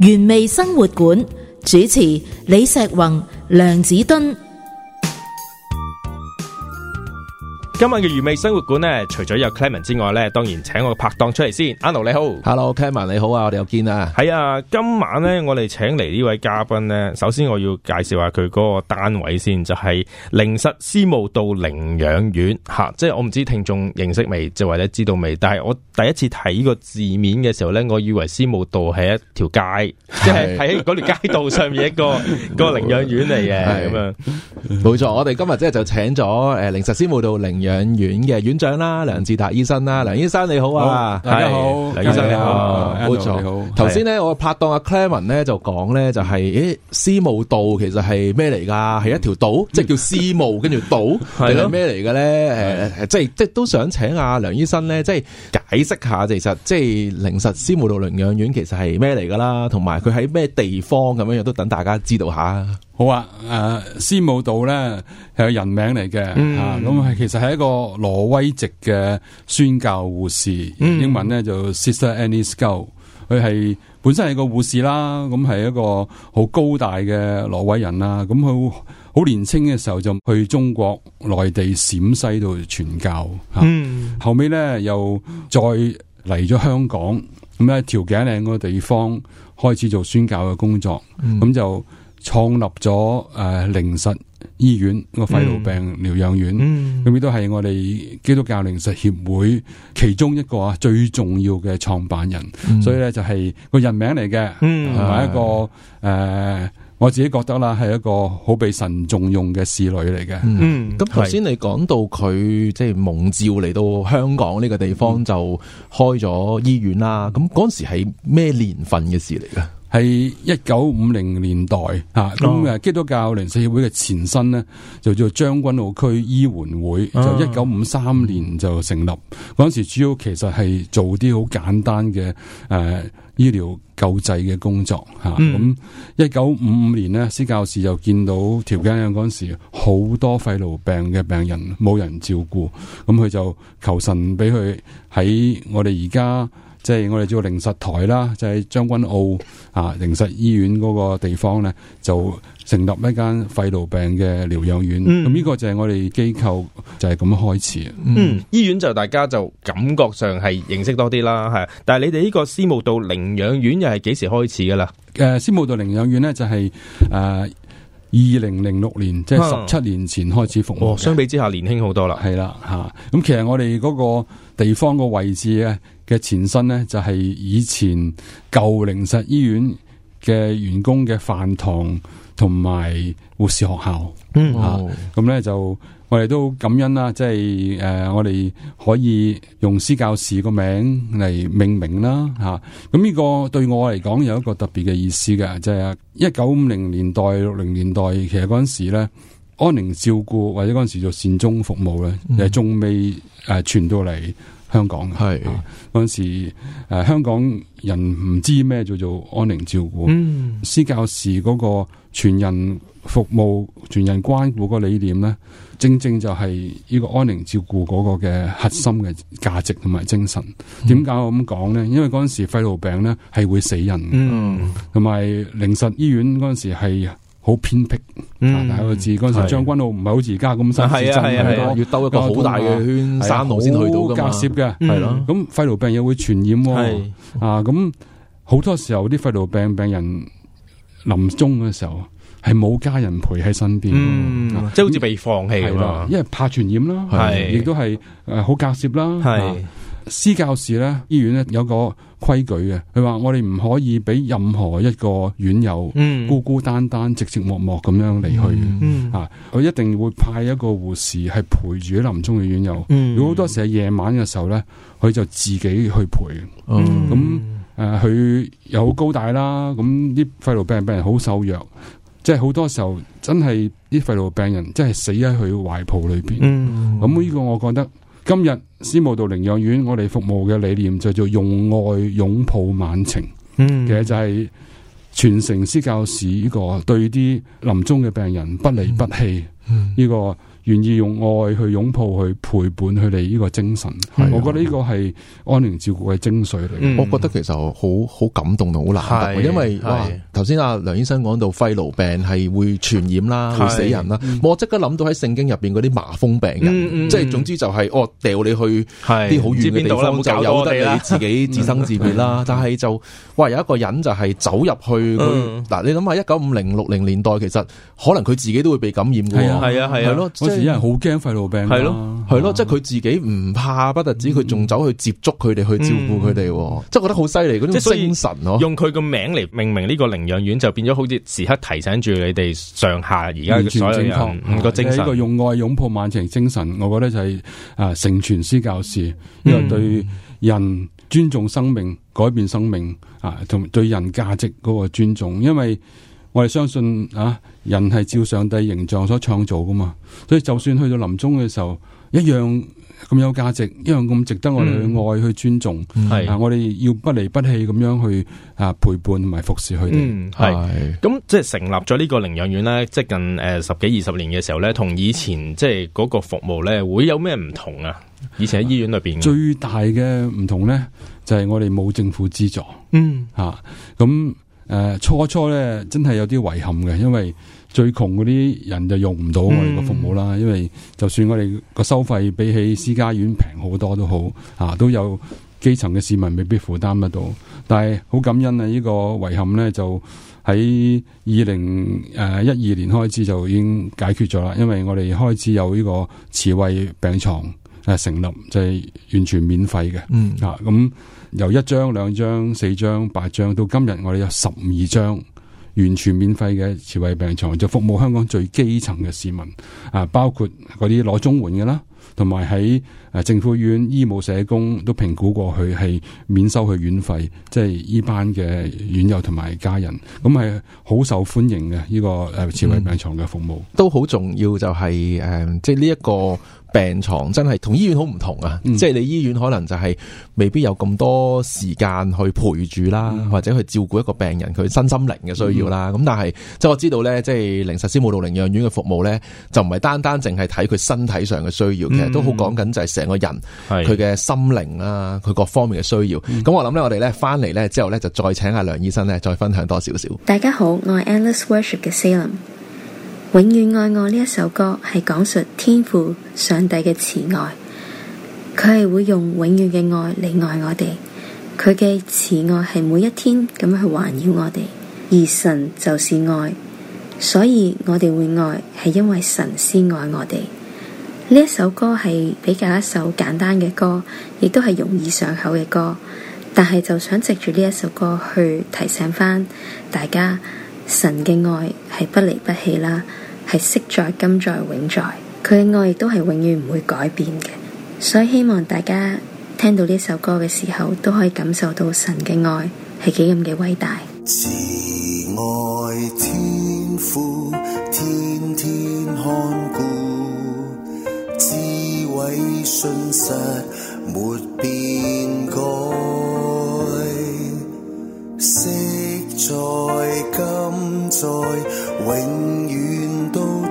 原味生活館主持李石宏、梁子敦。今晚嘅愚味生活館咧，除咗有 c l e m e n t 之外咧，當然請我拍檔出嚟先。阿奴你好 h e l l o c l e m e n t 你好啊，我哋又見啦。係啊，今晚咧我哋請嚟呢位嘉賓咧，首先我要介紹下佢嗰個單位先，就係靈實思慕道靈養院吓，即係我唔知聽眾認識未，就或者知道未，但係我第一次睇呢個字面嘅時候咧，我以為思慕道係一條街，即係喺嗰條街道上面一個嗰個靈養院嚟嘅。係咁樣，冇錯。我哋今日即係就請咗誒靈實思慕道靈。養院嘅院長啦，梁智達醫生啦，梁醫生你好啊，大家好，好梁醫生你好，冇錯。頭先咧我拍檔阿 c l a m a n 咧就講咧就係、是、誒，私募道其實係咩嚟噶？係一條道，即係叫私募，跟住道係咩嚟嘅咧？誒、嗯嗯、即係即係都想請阿梁醫生咧，即係解釋下其實即係靈實私募道寧養院其實係咩嚟噶啦？同埋佢喺咩地方咁樣樣都等大家知道下。好啊！誒、啊，司務道咧係人名嚟嘅，吓，咁係其實係一個挪威籍嘅宣教護士，嗯、英文咧就 Sister Annie Skau。佢係本身係個護士啦，咁係一個好高大嘅挪威人啦。咁佢好年輕嘅時候就去中國內地陝西度傳教，啊嗯、後屘咧又再嚟咗香港，咁、嗯、喺調景嶺個地方開始做宣教嘅工作，咁就、嗯。嗯嗯創立咗誒靈實醫院個肺癆病療養院，咁亦、嗯、都係我哋基督教靈實協會其中一個啊最重要嘅創辦人，嗯、所以咧就係、是、個人名嚟嘅，同埋、嗯呃、一個誒、呃，我自己覺得啦，係一個好被神重用嘅侍女嚟嘅。咁頭先你講到佢即係蒙召嚟到香港呢個地方、嗯、就開咗醫院啦，咁嗰時係咩年份嘅事嚟嘅？係一九五零年代啊，咁誒，基督教靈實協會嘅前身呢就叫將軍澳區醫援會，就一九五三年就成立。嗰、oh. 時主要其實係做啲好簡單嘅誒、呃、醫療救濟嘅工作吓。咁一九五五年呢，施教士，就見到條街嗰陣時好多肺癆病嘅病人冇人照顧，咁佢就求神俾佢喺我哋而家。即係我哋叫靈實台啦，就喺將軍澳啊靈實醫院嗰個地方咧，就成立一間肺癆病嘅療養院。咁呢、嗯、個就係我哋機構就係咁樣開始。嗯，嗯，醫院就大家就感覺上係認識多啲啦，係。但係你哋呢個司務道寧養院又係幾時開始噶啦？誒、呃，司務道寧養院咧就係誒二零零六年，即係十七年前開始服務、嗯哦。相比之下年輕好多啦，係啦吓。咁、啊嗯、其實我哋嗰個地方個位置咧，嘅前身呢，就係、是，以前舊靈實醫院嘅員工嘅飯堂同埋護士學校，吓咁咧就我哋都感恩啦，即係誒我哋可以用司教士個名嚟命名啦，吓咁呢個對我嚟講有一個特別嘅意思嘅，就係一九五零年代六零年代，其實嗰陣時咧安寧照顧或者嗰陣時做善終服務咧，亦仲未誒傳到嚟。香港係陣是、啊、時誒、呃，香港人唔知咩叫做安寧照顧，施、嗯、教士嗰個全人服務、全人關顧個理念咧，正正就係呢個安寧照顧嗰個嘅核心嘅價值同埋精神。點解我咁講咧？因為嗰陣時肺癆病咧係會死人嘅，同埋靈實醫院嗰陣時係。好偏僻，嗱個字嗰陣將軍澳唔係好似而家咁，新啊要兜一個好大嘅圈，山路先去到噶嘛，隔涉嘅係咯。咁肺癆病又會傳染喎，啊咁好多時候啲肺癆病病人臨終嘅時候係冇家人陪喺身邊，即係好似被放棄咯，因為怕傳染啦，係亦都係誒好隔涉啦，係。宣教士咧，醫院咧，有個規矩嘅。佢話我哋唔可以俾任何一個院友孤孤單單、寂寂寞寞咁樣離去，嗯嗯、啊，佢一定會派一個護士係陪住臨終嘅院友。嗯、如果好多時係夜晚嘅時候咧，佢就自己去陪。咁，誒，佢又好高大啦，咁啲肺癆病人病人好瘦弱，即係好多時候真係啲肺癆病人真係死喺佢懷抱裏邊。咁呢個我覺得。今日司務道寧養院，我哋服務嘅理念就叫用愛擁抱晚晴，嗯、其實就係傳承司教士呢個對啲臨終嘅病人不離不棄呢、嗯這個。願意用愛去擁抱、去陪伴佢哋呢個精神，我覺得呢個係安寧照顧嘅精髓嚟。我覺得其實好好感動同好難得，因為哇，頭先阿梁醫生講到肺癆病係會傳染啦、會死人啦。我即刻諗到喺聖經入邊嗰啲麻風病人，即係總之就係我掉你去啲好遠嘅地方就由得你自己自生自滅啦。但係就哇，有一個人就係走入去嗱，你諗下一九五零六零年代，其實可能佢自己都會被感染嘅。係啊係啊係啊，咯。有 人好驚肺癆病、啊是咯，係咯係咯，即係佢自己唔怕，不特止佢仲走去接觸佢哋，去照顧佢哋，即係覺得好犀利嗰種精神咯、啊。用佢個名嚟命名呢個寧養院，就變咗好似時刻提醒住你哋上下而家所有人個精神正。呢、嗯嗯、個用愛擁抱萬情精神，我覺得就係、是、啊、呃、成全師教士，因為對人尊重生命、改變生命啊，同對人價值嗰個尊重，因為。我哋相信啊，人係照上帝形象所創造噶嘛，所以就算去到臨終嘅時候，一樣咁有價值，一樣咁值得我哋去愛去尊重，係我哋要不離不棄咁樣去啊陪伴同埋服侍佢哋。係咁、嗯是嗯、即係成立咗呢個寧養院咧，即近誒、呃、十幾二十年嘅時候咧，同以前即係嗰個服務咧會有咩唔同啊？以前喺醫院裏邊、啊，最大嘅唔同咧就係、是、我哋冇政府資助、啊嗯啊。嗯，吓咁。誒、呃，初初咧真係有啲遺憾嘅，因為最窮嗰啲人就用唔到我哋個服務啦，嗯、因為就算我哋個收費比起私家院平好多都好，啊都有基層嘅市民未必負擔得到，但係好感恩啊！這個、遺呢個遺憾咧就喺二零誒一二年開始就已經解決咗啦，因為我哋開始有呢個慈惠病床。誒，成立就係完全免費嘅，嗯、啊咁由一張、兩張、四張、八張到今日，我哋有十二張完全免費嘅慈惠病床，就服務香港最基層嘅市民，啊包括嗰啲攞綜援嘅啦，同埋喺誒政府院醫務社工都評估過佢係免收佢院費，即係呢班嘅院友同埋家人，咁係好受歡迎嘅呢、這個誒慈惠病床嘅服務、嗯、都好重要、就是，就係誒即係呢一個。病床真係同醫院好唔同啊！嗯、即係你醫院可能就係未必有咁多時間去陪住啦，嗯、或者去照顧一個病人佢身心靈嘅需要啦。咁、嗯、但係即係我知道咧，即係靈實司務道寧養院嘅服務咧，就唔係單單淨係睇佢身體上嘅需要，嗯、其實都好講緊就係成個人佢嘅、嗯、心靈啦、啊，佢各方面嘅需要。咁、嗯嗯、我諗咧，我哋咧翻嚟咧之後咧，就再請阿梁醫生咧，再分享多少少、嗯嗯。大家好，我係 Alice Worship 嘅 Celine。永遠愛我呢一首歌係講述天父上帝嘅慈愛，佢係會用永遠嘅愛嚟愛我哋，佢嘅慈愛係每一天咁去環繞我哋，而神就是愛，所以我哋會愛係因為神先愛我哋。呢一首歌係比較一首簡單嘅歌，亦都係容易上口嘅歌，但係就想藉住呢一首歌去提醒翻大家，神嘅愛係不離不棄啦。係昔在今在永在，佢嘅愛亦都係永遠唔會改變嘅，所以希望大家聽到呢首歌嘅時候，都可以感受到神嘅愛係幾咁嘅偉大。慈愛天父，天天看顧，智慧信實，沒變改，昔在今在，永遠。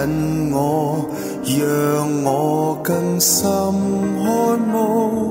引我，讓我更深看望。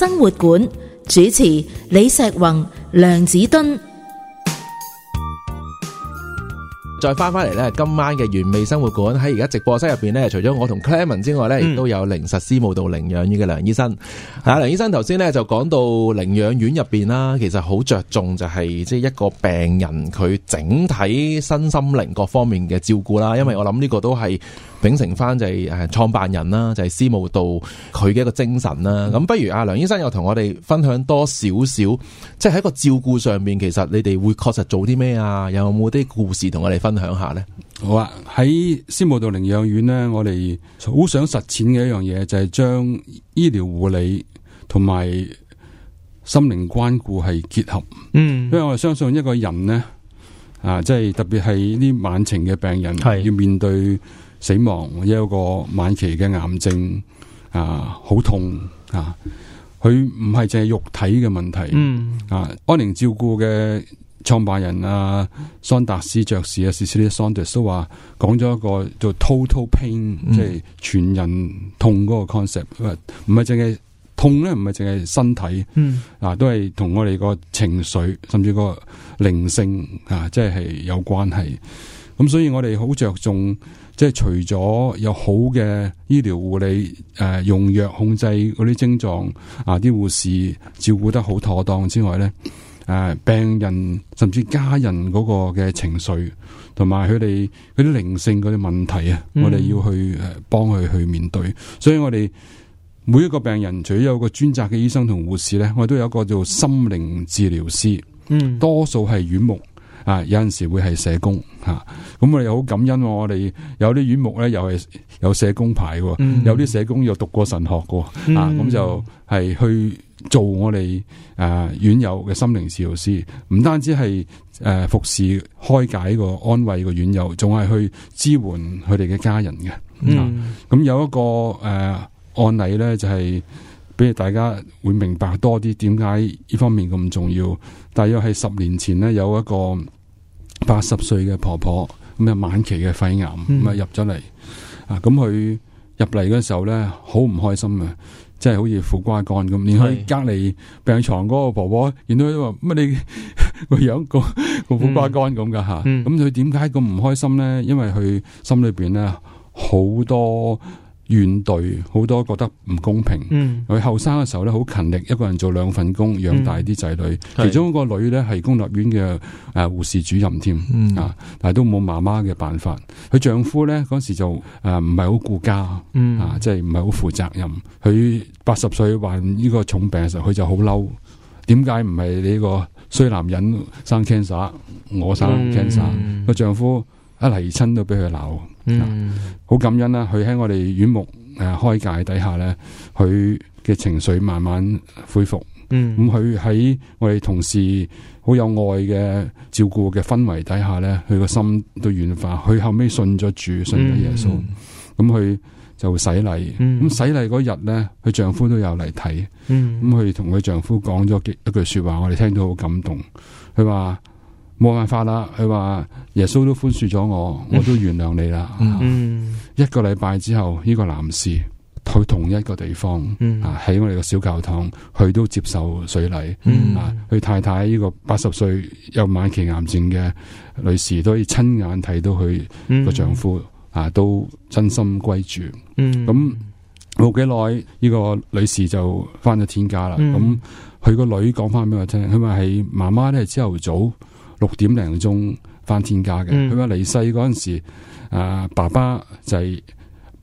生活館主持李石宏、梁子敦。再翻翻嚟咧，今晚嘅原味生活館喺而家直播室入邊咧，除咗我同 Clayman 之外咧，亦都有靈實司務道寧養院嘅梁醫生。啊，梁醫生頭先咧就講到寧養院入邊啦，其實好着重就係即係一個病人佢整體身心靈各方面嘅照顧啦。因為我諗呢個都係秉承翻就係誒創辦人啦，就係司務道佢嘅一個精神啦。咁不如阿梁醫生又同我哋分享多少少，即係喺個照顧上面其實你哋會確實做啲咩啊？有冇啲故事同我哋分享？分享下咧，好啊！喺司務道寧養院咧，我哋好想實踐嘅一樣嘢就係、是、將醫療護理同埋心靈關顧係結合。嗯，因為我哋相信一個人咧啊，即係特別係呢啲晚情嘅病人，係是要面對死亡，有一個晚期嘅癌症啊，好痛啊，佢唔係淨係肉體嘅問題。嗯啊，安寧照顧嘅。創辦人啊，桑達斯爵士啊，史詩利桑達斯都話講咗一個叫 total pain，、mm. 即係全人痛嗰個 concept，唔係淨係痛咧，唔係淨係身體，嗱、mm. 啊、都係同我哋個情緒甚至個靈性啊，即係有關係。咁所以我哋好着重，即係除咗有好嘅醫療護理誒、啊，用藥控制嗰啲症狀啊，啲護士照顧得好妥當之外咧。誒、啊，病人甚至家人嗰個嘅情緒，同埋佢哋啲靈性嗰啲問題啊，嗯、我哋要去誒幫佢去面對。所以我哋每一個病人，除咗有個專責嘅醫生同護士咧，我哋都有一個叫做心靈治療師。嗯，多數係院牧啊，有陣時會係社工吓。咁、啊、我哋好感恩，啊、我哋有啲院牧咧，又係有社工牌，有啲社工又讀過神學噶，啊，咁、啊、就係去。做我哋誒、呃，院友嘅心靈治療師，唔單止係誒、呃、服侍、開解個安慰個院友，仲係去支援佢哋嘅家人嘅。啊、嗯、嗯，咁有一個誒、呃、案例咧，就係、是、俾大家會明白多啲點解呢方面咁重要。大約係十年前呢，有一個八十歲嘅婆婆咁啊，晚期嘅肺癌咁啊入咗嚟，啊，咁佢入嚟嗰時候咧，好唔開心啊！即係好似苦瓜乾咁，連佢隔籬病床嗰個婆婆，是見到佢都話乜你個 樣個個苦瓜乾咁噶吓，咁佢點解咁唔開心咧？因為佢心裏邊咧好多。怨懟好多，覺得唔公平。佢後生嘅時候咧，好勤力，一個人做兩份工，養大啲仔女。嗯、其中一個女咧，係公立院嘅誒護士主任添。嗯、啊，但係都冇媽媽嘅辦法。佢丈夫咧嗰時就誒唔係好顧家，嗯、啊，即係唔係好負責任。佢八十歲患呢個重病嘅時候，佢就好嬲。點解唔係你個衰男人生 cancer，我生 cancer？個丈夫一嚟親都俾佢鬧。嗯、好感恩啦、啊！佢喺我哋院牧誒、呃、開解底下咧，佢嘅情緒慢慢恢復。咁佢喺我哋同事好有愛嘅照顧嘅氛圍底下咧，佢個心都軟化。佢後尾信咗主，信咗耶穌。咁佢、嗯嗯、就洗禮。咁、嗯、洗禮嗰日咧，佢丈夫都有嚟睇。咁佢同佢丈夫講咗幾一句說話，我哋聽到好感動。佢話。冇辦法啦，佢話耶穌都寬恕咗我，我都原諒你啦。 啊、一個禮拜之後，呢、這個男士去同一個地方，啊，喺我哋嘅小教堂，佢都接受水禮。 啊，佢太太呢、這個八十歲有晚期癌症嘅女士，都可以親眼睇到佢個丈夫 啊，都真心歸主。咁冇幾耐，呢、這個女士就翻咗天家啦。咁佢個女講翻俾我聽，佢話喺媽媽咧朝頭早六點零鐘返天家嘅，佢話離世嗰陣時，啊爸爸就係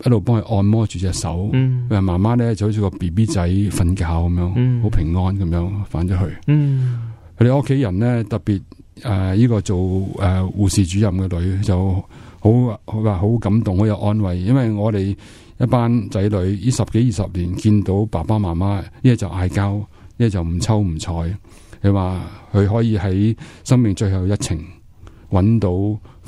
一路幫佢按摩住隻手，佢話媽媽咧就好似個 B B 仔瞓覺咁樣，好、嗯、平安咁樣返咗去。佢哋屋企人咧特別誒，呢、啊這個做誒護、啊、士主任嘅女就好話好感動，好有安慰。因為我哋一班仔女呢十幾二十年見到爸爸媽媽，一就嗌交，一就唔抽唔睬。你話佢可以喺生命最後一程揾到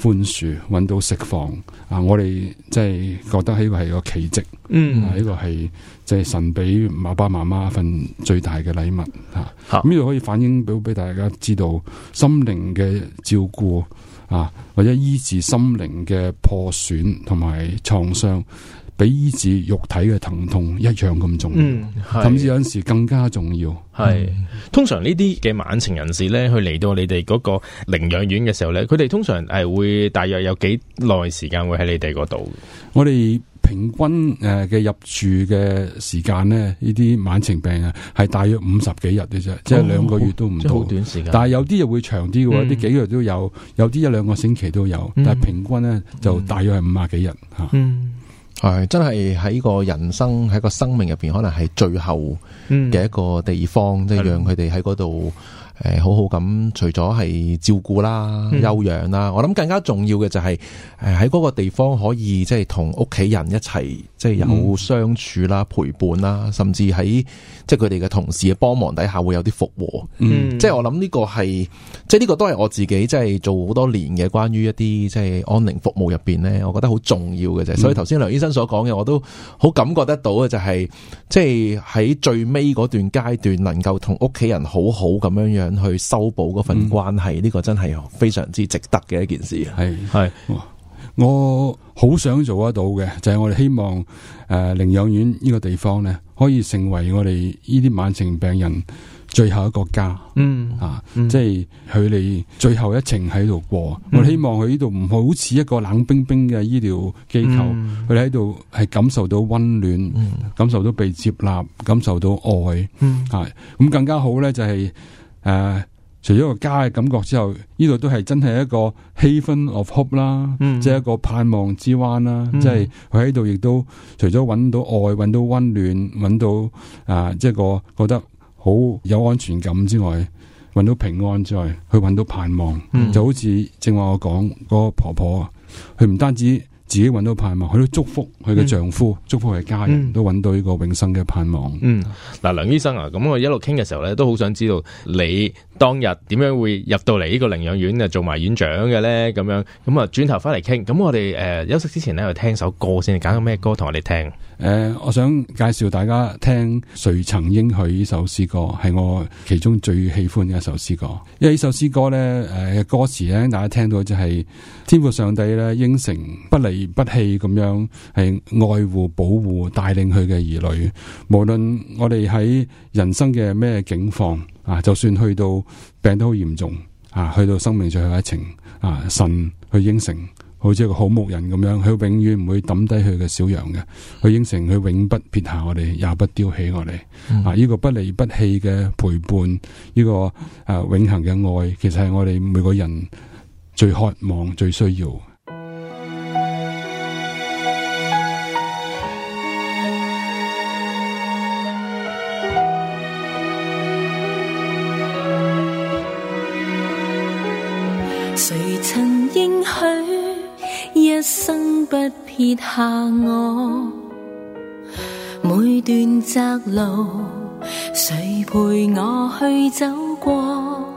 寬恕，揾到釋放啊！我哋即係覺得呢個係個奇蹟，嗯，呢、啊這個係即係神俾爸爸媽媽一份最大嘅禮物吓，呢、啊、度、啊、可以反映到俾大家知道心靈嘅照顧啊，或者醫治心靈嘅破損同埋創傷。比醫治肉體嘅疼痛一樣咁重要，甚至、嗯、有陣時更加重要。係是、嗯、通常呢啲嘅晚情人士咧，去嚟到你哋嗰個寧養院嘅時候咧，佢哋通常係會大約有幾耐時間會喺你哋嗰度？我哋平均誒嘅、呃、入住嘅時間呢，呢啲晚情病啊，係大約五十幾日嘅啫，哦、即係兩個月都唔到。哦、短時間但係有啲又會長啲嘅話，啲、嗯、幾個月都有，有啲一兩個星期都有，嗯、但係平均呢，就大約係五廿幾日吓。啊嗯嗯係、哎，真係喺個人生喺個生命入邊，可能係最後嘅一個地方，即係、嗯、讓佢哋喺嗰度。誒，好好咁，除咗係照顧啦、嗯、休養啦，我諗更加重要嘅就係誒喺嗰個地方可以即係同屋企人一齊，即係有相處啦、嗯、陪伴啦，甚至喺即係佢哋嘅同事嘅幫忙底下會有啲復和。嗯，即係我諗呢個係，即係呢個都係我自己即係做好多年嘅關於一啲即係安寧服務入邊咧，我覺得好重要嘅啫。所以頭先梁醫生所講嘅，我都好感覺得到嘅就係、是、即係喺最尾嗰段階段，能夠同屋企人好好咁樣樣。去修補嗰份關係，呢、嗯、個真係非常之值得嘅一件事。係係是，是我好想做得到嘅，就係、是、我哋希望誒，寧、呃、養院呢個地方呢，可以成為我哋呢啲慢性病人最後一個家。嗯，嗯啊，即係佢哋最後一程喺度過。嗯、我希望佢呢度唔好似一個冷冰冰嘅醫療機構，佢哋喺度係感受到溫暖，嗯、感受到被接納，感受到愛。啊、嗯咁、嗯、更加好呢、就是，好好就係、是。誒、啊，除咗個家嘅感覺之後，呢度都係真係一個 haven of hope 啦，嗯、即係一個盼望之灣啦，嗯、即係佢喺度亦都除咗搵到愛、搵到溫暖、搵到啊，即係個覺得好有安全感之外，搵到平安之外，去搵到盼望，嗯、就好似正話我講嗰、嗰個婆婆，啊，佢唔單止。自己揾到盼望，佢都祝福佢嘅丈夫，嗯、祝福佢嘅家人、嗯、都揾到呢個永生嘅盼望。嗯，嗱，梁醫生啊，咁我一路傾嘅時候咧，都好想知道你當日點樣會入到嚟呢個寧養院啊，做埋院長嘅咧，咁樣咁啊，轉頭翻嚟傾，咁我哋誒、呃、休息之前咧，就聽首歌先，揀個咩歌同我哋聽。誒、呃，我想介紹大家聽《誰曾應許》呢首詩歌，係我其中最喜歡嘅一首詩歌。因為呢首詩歌呢，誒歌詞咧，大家聽到就係天父上帝咧應承不離不棄咁樣，係愛護保護帶領佢嘅兒女，無論我哋喺人生嘅咩境況啊，就算去到病得好嚴重啊，去到生命最後一程啊，神去應承。好似一個好牧人咁樣，佢永遠唔會抌低佢嘅小羊嘅，佢應承佢永不撇下我哋，也不丟棄我哋。啊，呢、這個不離不棄嘅陪伴，呢、這個誒、啊、永恆嘅愛，其實係我哋每個人最渴望、最需要。不撇下我，每段窄路，誰陪我去走過？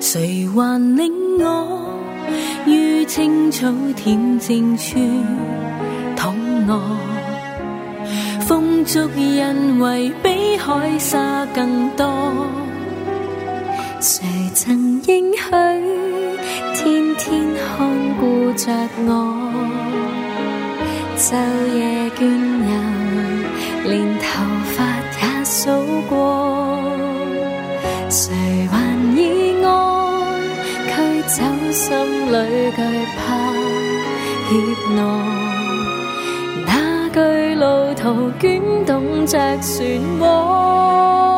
誰還令我於青草恬靜處躺臥？風足人為比海沙更多。誰曾應許天天看顧着我，晝夜眷佑，連頭髮也數過。誰還以我驅走心裏懼怕怯懦？那句路途捲動着漩渦。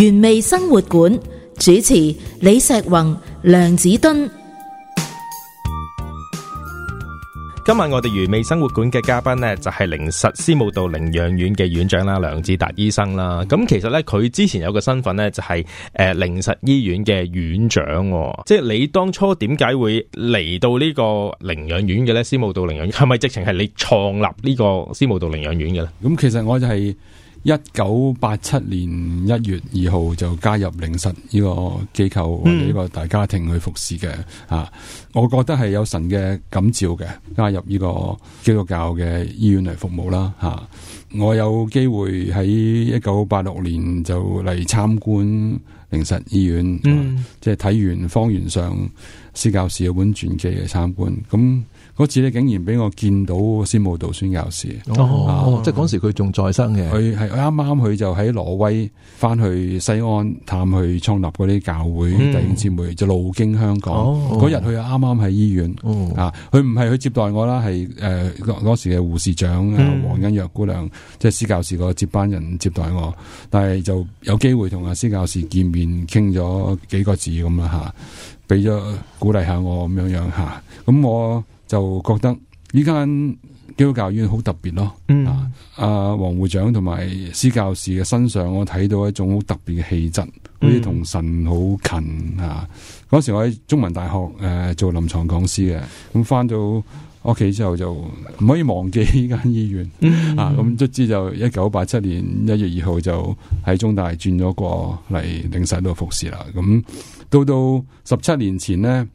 原味生活館主持李石宏梁子敦，今晚我哋原味生活館嘅嘉賓呢，就係、是、靈實司務道寧養院嘅院長啦，梁智達醫生啦。咁其實呢，佢之前有個身份呢，就係誒靈實醫院嘅院長，即係你當初點解會嚟到呢個寧養院嘅呢？司務道寧養院係咪直情係你創立呢個司務道寧養院嘅呢？咁其實我就係。一九八七年一月二號就加入靈實呢個機構或者呢個大家庭去服侍嘅，嗯、啊。我覺得係有神嘅感召嘅，加入呢個基督教嘅醫院嚟服務啦吓、啊，我有機會喺一九八六年就嚟參觀靈實醫院，嗯，即係睇完方元上施教士有本傳記嘅參觀，咁嗰次咧竟然俾我見到司務道宣教士，哦啊、即係嗰時佢仲在生嘅，佢係啱啱佢就喺挪威翻去西安探去創立嗰啲教會弟兄姊妹，嗯、就路經香港，嗰日佢。啊、哦。啱啱喺醫院、哦、啊，佢唔係去接待我啦，係誒嗰時嘅護士長黃欣、嗯、若姑娘，即係司教士個接班人接待我，但係就有機會同阿司教士見面，傾咗幾個字咁啦吓，俾咗、啊、鼓勵下我咁樣樣吓，咁、啊、我就覺得呢間基督教院好特別咯，啊，阿、嗯啊啊、黃護長同埋司教士嘅身上，我睇到一種好特別嘅氣質。好似同神好近啊！嗰時我喺中文大學誒做臨牀講師嘅，咁返到屋企之後就唔可以忘記呢間醫院、 嗯、啊！咁卒之就一九八七年一月二號就喺中大轉咗過嚟靈實度服侍啦。咁到到十七年前呢。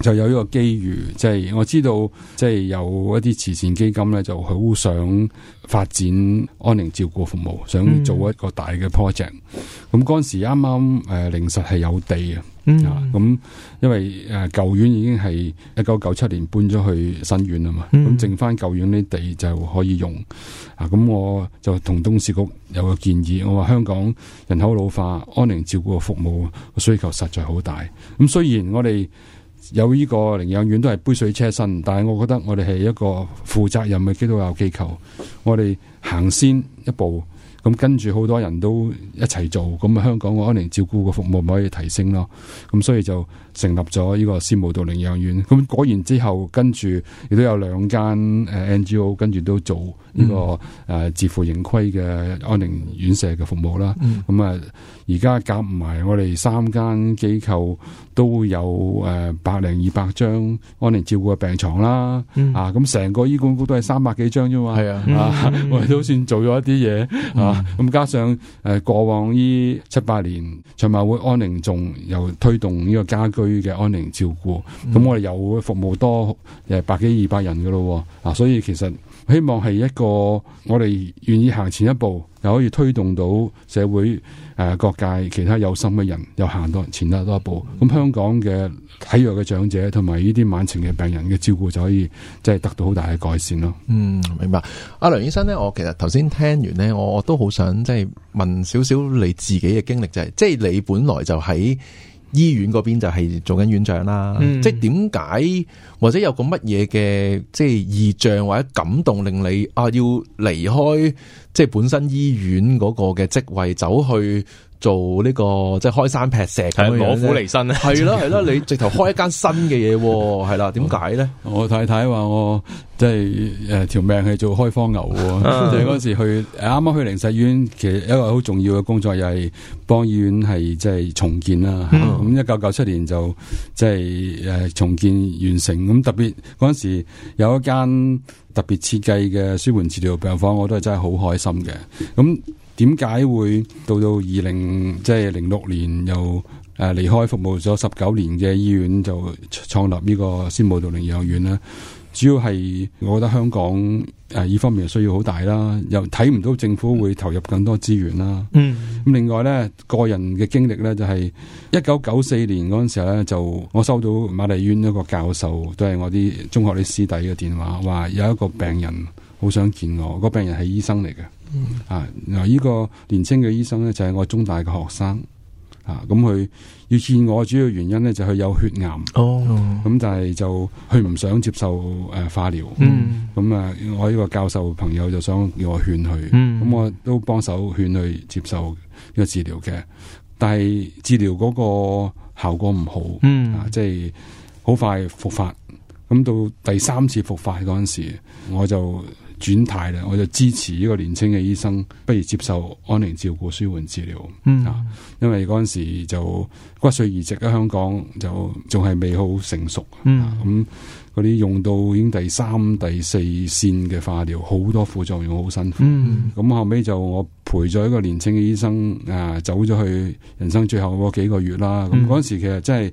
就有呢個機遇，即、就、係、是、我知道，即、就、係、是、有一啲慈善基金咧，就好想發展安寧照顧服務，想做一個大嘅 project。咁嗰、嗯、時啱啱誒，靈、呃、實係有地、嗯、啊，咁因為誒舊、呃、院已經係一九九七年搬咗去新院啊嘛，咁、嗯、剩翻舊院啲地就可以用啊。咁我就同董事局有個建議，我話香港人口老化，安寧照顧服務個需求實在好大。咁、嗯、雖然我哋有呢個寧養院都係杯水車薪，但係我覺得我哋係一個負責任嘅基督教機構，我哋行先一步，咁跟住好多人都一齊做，咁啊香港嘅安寧照顧嘅服務咪可以提升咯，咁所以就成立咗呢個司務道寧養院，咁果然之後跟住亦都有兩間誒 NGO 跟住都做呢個誒自負盈虧嘅安寧院舍嘅服務啦，咁啊而家夾埋我哋三間機構。都會有誒、呃、百零二百張安寧照顧嘅病床啦，嗯、啊，咁成個醫管局都係三百幾張啫嘛，係啊，我哋都算做咗一啲嘢、嗯、啊。咁加上誒、呃、過往呢七八年，賽馬會安寧仲又推動呢個家居嘅安寧照顧，咁、嗯、我哋又服務多誒百幾二百人噶咯、哦，啊，所以其實。希望係一個我哋願意行前一步，又可以推動到社會誒、呃、各界其他有心嘅人，又行多前得多一步。咁、嗯、香港嘅體弱嘅長者，同埋呢啲晚晴嘅病人嘅照顧，就可以即係得到好大嘅改善咯。嗯，明白。阿梁醫生呢，我其實頭先聽完呢，我我都好想即係問少少你自己嘅經歷，就係即係你本來就喺。醫院嗰邊就係做緊院長啦，嗯、即係點解或者有個乜嘢嘅即係異象或者感動令你啊，要離開即係本身醫院嗰個嘅職位走去？做呢、這個即係開山劈石攞苦嚟辛，係咯係咯， 你直頭開一間新嘅嘢係啦，點解咧？呢我太太話我即係誒條命係做開荒牛。 就嗰時去啱啱去靈實醫院，其實一個好重要嘅工作又係幫醫院係即係重建啦。咁一九九七年就即係誒重建完成，咁特別嗰陣時有一間特別設計嘅舒緩治療病房，我都係真係好開心嘅。咁點解會到到二 200, 零即係零六年又誒、呃、離開服務咗十九年嘅醫院，就創立呢個司務道寧養院呢？主要係我覺得香港誒呢、呃、方面需要好大啦，又睇唔到政府會投入更多資源啦。嗯，咁另外呢個人嘅經歷呢，就係一九九四年嗰陣時候呢，就我收到瑪麗院一個教授，都係我啲中學啲師弟嘅電話，話有一個病人好想見我，個病人係醫生嚟嘅。嗯、啊，嗱，呢個年輕嘅醫生咧就係、是、我中大嘅學生，啊，咁、嗯、佢要見我主要原因咧就係、是、佢有血癌，哦，咁、嗯、但係就佢唔想接受誒、呃、化療，嗯，咁啊、嗯，我呢個教授朋友就想叫我勸佢，咁、嗯嗯、我都幫手勸佢接受呢個治療嘅，但係治療嗰個效果唔好，嗯，啊，即係好快復發，咁、嗯、到第三次復發嗰陣時，我就。我就轉態啦，我就支持呢個年輕嘅醫生，不如接受安寧照顧、舒緩治療啊！因為嗰陣時就骨髓移植喺香港就仲係未好成熟，咁嗰啲用到已經第三、第四線嘅化療，好多副作用好辛苦。咁、嗯啊、後尾就我陪咗一個年輕嘅醫生啊，走咗去人生最後嗰幾個月啦。咁嗰陣時其實真係。嗯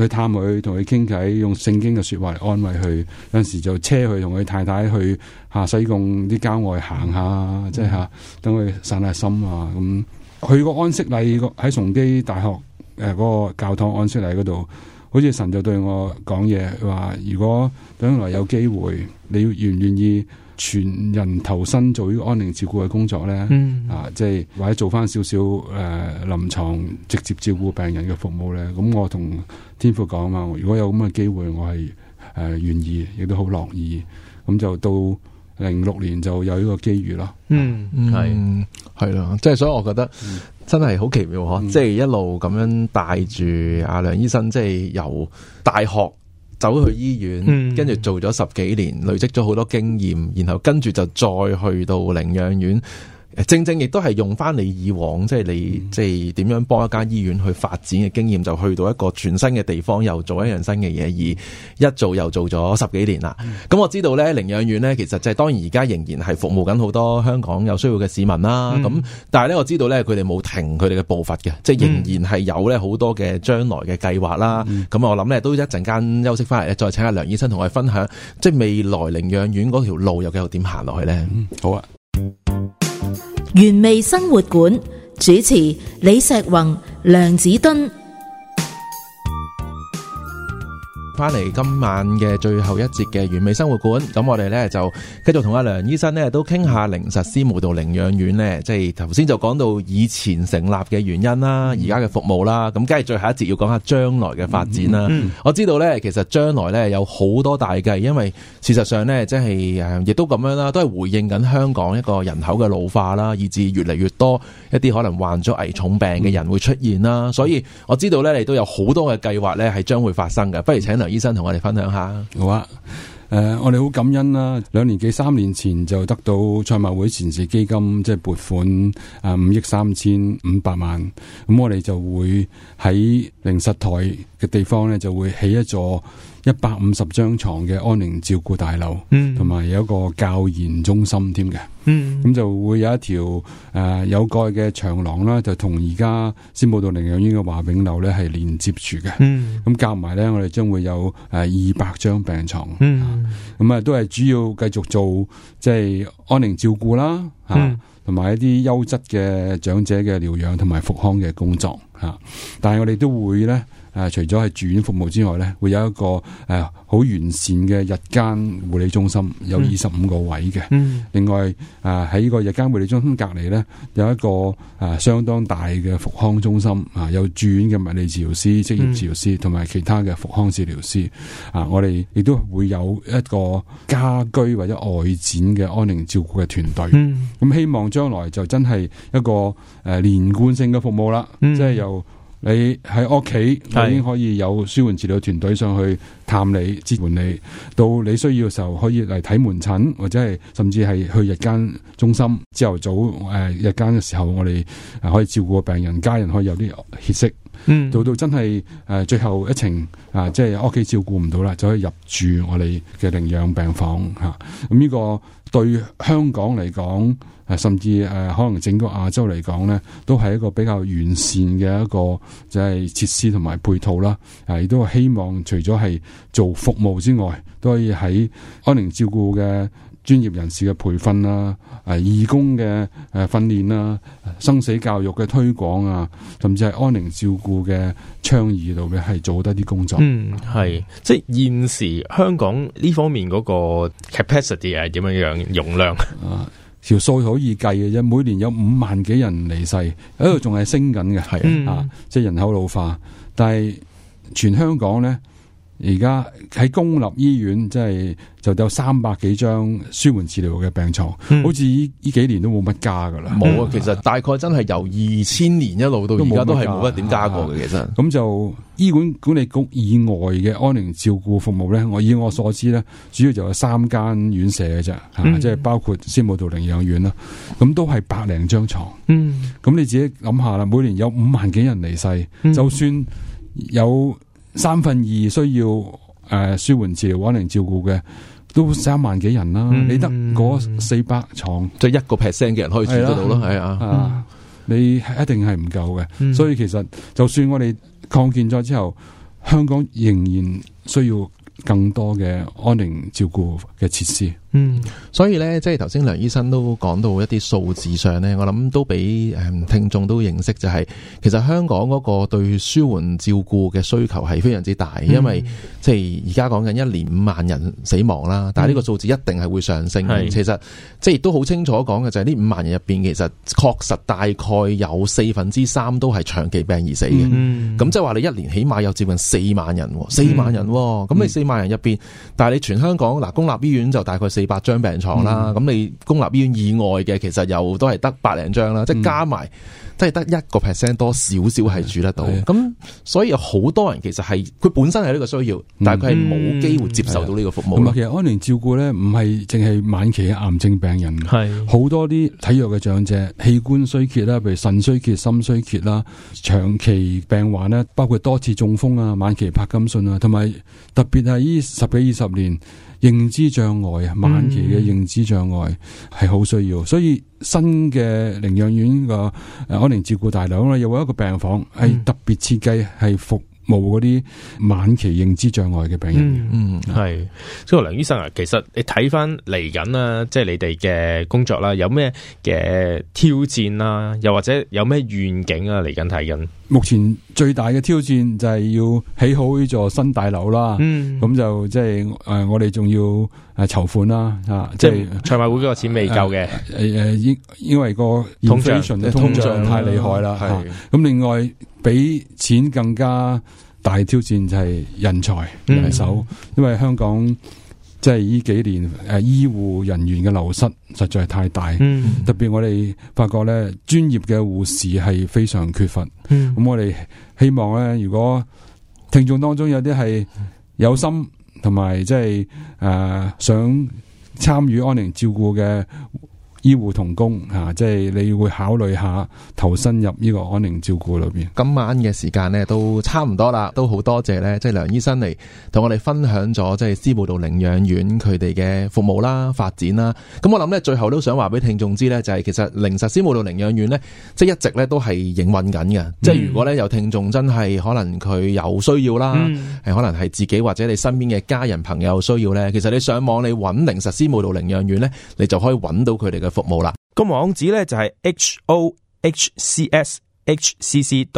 去探佢，同佢傾偈，用聖經嘅說話嚟安慰佢。有陣時就車去同佢太太去下、啊、西貢啲郊外行下，即係等佢散下心啊。咁，去、嗯、個安息禮喺崇基大學嗰、呃嗰個教堂安息禮嗰度，好似神就對我講嘢，話如果將來有機會，你願唔願意？全人投身做呢個安寧照顧嘅工作咧，嗯、啊，即係或者做翻少少誒臨床直接照顧病人嘅服務咧。咁我同天父講啊，如果有咁嘅機會，我係誒願意，亦都好樂意。咁就到零六年就有呢個機遇咯。嗯，係係啦，即係、嗯、係所以我覺得真係好奇妙嗬。即係、嗯、一路咁樣帶住阿梁醫生，即係由大學。走去醫院，跟住做咗十幾年，累積咗好多經驗，然後跟住就再去到寧養院。正正亦都係用翻你以往即係你、嗯、即係點樣幫一間醫院去發展嘅經驗，就去到一個全新嘅地方，又做一樣新嘅嘢，而一做又做咗十幾年啦。咁、嗯、我知道呢，寧養院呢，其實即係當然而家仍然係服務緊好多香港有需要嘅市民啦。咁、嗯、但係呢，我知道呢，佢哋冇停佢哋嘅步伐嘅，嗯、即係仍然係有呢好多嘅將來嘅計劃啦。咁、嗯、我諗呢，都一陣間休息翻嚟，再請阿梁醫生同我哋分享，即係未來寧養院嗰條路又繼續點行落去呢、嗯？好啊。原味生活館主持李石宏、梁子敦。翻嚟今晚嘅最後一節嘅完美生活館，咁我哋咧就繼續同阿梁醫生咧都傾下靈實司務道寧養院咧，即係頭先就講到以前成立嘅原因啦，而家嘅服務啦，咁梗係最後一節要講下將來嘅發展啦。嗯嗯、我知道咧，其實將來咧有好多大計，因為事實上咧，即係誒，亦、呃、都咁樣啦，都係回應緊香港一個人口嘅老化啦，以至越嚟越多一啲可能患咗危重病嘅人會出現啦。嗯嗯、所以我知道咧，你都有好多嘅計劃咧係將會發生嘅，不如請梁。醫生同我哋分享下。好啊，誒、呃，我哋好感恩啦、啊。兩年幾三年前就得到賽馬會慈善基金即係、就是、撥款啊、呃、五億三千五百萬，咁、嗯、我哋就會喺靈實台嘅地方咧就會起一座一百五十張床嘅安寧照顧大樓，同埋、嗯、有一個教研中心添嘅，咁、嗯、就會有一條誒、呃、有蓋嘅長廊啦，就同而家司務道寧養院嘅華永樓咧係連接住嘅。咁夾埋咧，我哋將會有誒二百張病床，咁、嗯、啊都係主要繼續做即係、就是、安寧照顧啦，吓同埋一啲優質嘅長者嘅療養同埋復康嘅工作吓、啊。但係我哋都會咧。誒、呃，除咗係住院服務之外咧，會有一個誒好、呃、完善嘅日間護理中心，嗯、有二十五個位嘅。嗯、另外，誒喺呢個日間護理中心隔籬咧，有一個誒、呃、相當大嘅復康中心啊、呃，有住院嘅物理治療師、職業治療師同埋、嗯、其他嘅復康治療師啊。我哋亦都會有一個家居或者外展嘅安寧照顧嘅團隊。咁、嗯嗯嗯、希望將來就真係一個誒連貫性嘅服務啦、就是嗯，即係由。你喺屋企，已經可以有舒緩治療團隊上去探你、支援你，到你需要嘅時候可以嚟睇門診，或者係甚至係去日間中心。朝頭早誒、呃，日間嘅時候我哋、呃、可以照顧病人，家人可以有啲歇息。嗯，到到真係誒、呃，最後一程啊、呃，即係屋企照顧唔到啦，就可以入住我哋嘅療養病房吓。咁、啊、呢、嗯這個對香港嚟講。甚至誒、呃，可能整個亞洲嚟講咧，都係一個比較完善嘅一個就係設施同埋配套啦。誒、啊，亦都希望除咗係做服務之外，都可以喺安寧照顧嘅專業人士嘅培訓啦、啊，誒、啊，義工嘅誒訓練啦，生死教育嘅推廣啊，甚至係安寧照顧嘅倡議度嘅係做得啲工作。嗯，係即係現時香港呢方面嗰個 capacity 係點樣樣容量啊？條數可以計嘅啫，每年有五萬幾人離世，喺度仲係升緊嘅，係啊，即係人口老化。但係全香港咧。而家喺公立醫院，即係就有三百幾張舒緩治療嘅病床，好似呢依幾年都冇乜加噶啦。冇啊，其實大概真係由二千年一路到而家都係冇乜點加過嘅。其實咁就醫管管理局以外嘅安寧照顧服務咧，我以我所知咧，主要就有三間院舍嘅啫，吓，即係包括司務道寧養院啦，咁都係百零張床。嗯，咁你自己諗下啦，每年有五萬幾人離世，就算有三分二需要誒、呃、舒緩治療安寧照顧嘅，都三萬幾人啦。嗯、你得嗰四百牀，即係一個 percent 嘅人可以住得到咯，係啊，你一定係唔夠嘅。嗯、所以其實就算我哋擴建咗之後，香港仍然需要更多嘅安寧照顧嘅設施。嗯，所以咧，即係頭先梁醫生都講到一啲數字上咧，我諗都俾誒、嗯、聽眾都認識、就是，就係其實香港嗰個對舒緩照顧嘅需求係非常之大，嗯、因為即係而家講緊一年五萬人死亡啦，嗯、但係呢個數字一定係會上升，係、嗯，其實即係亦都好清楚講嘅就係、是、呢五萬人入邊，其實確實大概有四分之三都係長期病而死嘅，咁、嗯、即係話你一年起碼有接近四萬人，四萬人、喔，咁、嗯嗯、你四萬人入邊，但係你全香港嗱公立醫院就大概四百張病床啦，咁你、嗯、公立醫院以外嘅，其實又都係得百零張啦，嗯、即係加埋，都係得一個 percent 多少少係住得到。咁所以好多人其實係佢本身係呢個需要，嗯、但係佢係冇機會接受到呢個服務。同埋、嗯，其實安寧照顧咧，唔係淨係晚期嘅癌症病人，係好多啲體弱嘅長者、器官衰竭啦，譬如腎衰竭、心衰竭啦，長期病患啦，包括多次中風啊、晚期帕金遜啊，同埋特別係呢十幾二十年。認知障礙啊，晚期嘅認知障礙係好需要，所以新嘅寧養院個安寧照顧大樓咧，又有一個病房係特別設計，係服務嗰啲晚期認知障礙嘅病人嘅。嗯，係、嗯，所以梁醫生啊，其實你睇翻嚟緊啊，即係你哋嘅工作啦，有咩嘅挑戰啊，又或者有咩願景啊嚟緊睇緊。目前最大嘅挑戰就係要起好呢座新大樓啦，咁、嗯、就即係誒，我哋仲要誒籌、呃、款啦，是啊，即係財委會嗰個錢未夠嘅，誒誒，因因為個 inflation 通脹帳帳太厲害啦，係的，咁、啊啊、另外比錢更加大挑戰就係人才人手，嗯、因為香港。即係呢幾年，誒、呃，醫護人員嘅流失實在太大，嗯、特別我哋發覺呢專業嘅護士係非常缺乏。咁、嗯、我哋希望呢，如果聽眾當中有啲係有心，同埋即係誒，想參與安寧照顧嘅。醫護同工吓、啊，即係你會考慮下投身入呢個安寧照顧裏邊。今晚嘅時間咧都差唔多啦，都好多謝咧，即係梁醫生嚟同我哋分享咗即係司務道寧養院佢哋嘅服務啦、發展啦。咁我諗咧最後都想話俾聽眾知咧，就係、是、其實靈實司務道寧養院咧，即係一直咧都係營運緊嘅。嗯、即係如果咧有聽眾真係可能佢有需要啦，係、嗯、可能係自己或者你身邊嘅家人朋友需要咧，其實你上網你揾靈實司務道寧養院咧，你就可以揾到佢哋嘅。服務啦，個網址咧就係 H O H C S HCC.OLG.HK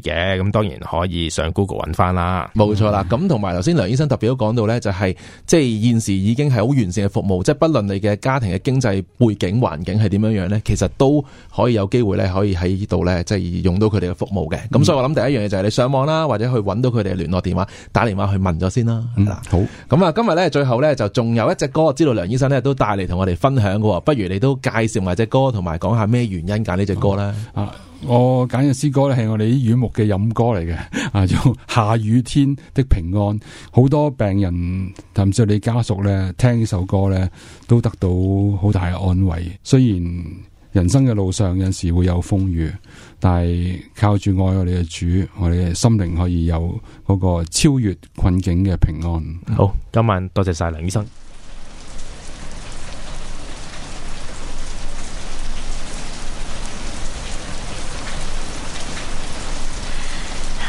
嘅，咁當然可以上 Google 揾翻。啦。冇錯、嗯、啦，咁同埋頭先梁醫生特別都講到呢、就是，就係即係現時已經係好完善嘅服務，即、就、係、是、不論你嘅家庭嘅經濟背景環境係點樣樣呢，其實都可以有機會呢，可以喺呢度呢，即、就、係、是、用到佢哋嘅服務嘅。咁、嗯、所以我諗第一樣嘢就係你上網啦，或者去揾到佢哋嘅聯絡電話，打電話去問咗先啦。嗯、啦好。咁啊、嗯，今日呢，最後呢，就仲有一隻歌，知道梁醫生呢都帶嚟同我哋分享嘅，不如你都介紹埋隻歌，同埋講下咩原因揀呢隻歌啦、嗯。啊！我揀嘅詩歌咧係我哋啲軟目嘅飲歌嚟嘅，啊，叫下雨天的平安，好多病人甚至你家屬咧聽呢首歌咧，都得到好大嘅安慰。雖然人生嘅路上有陣時會有風雨，但係靠住愛我哋嘅主，我哋嘅心靈可以有嗰個超越困境嘅平安。好，今晚多謝晒梁醫生。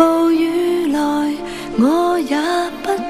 暴雨來，我也不。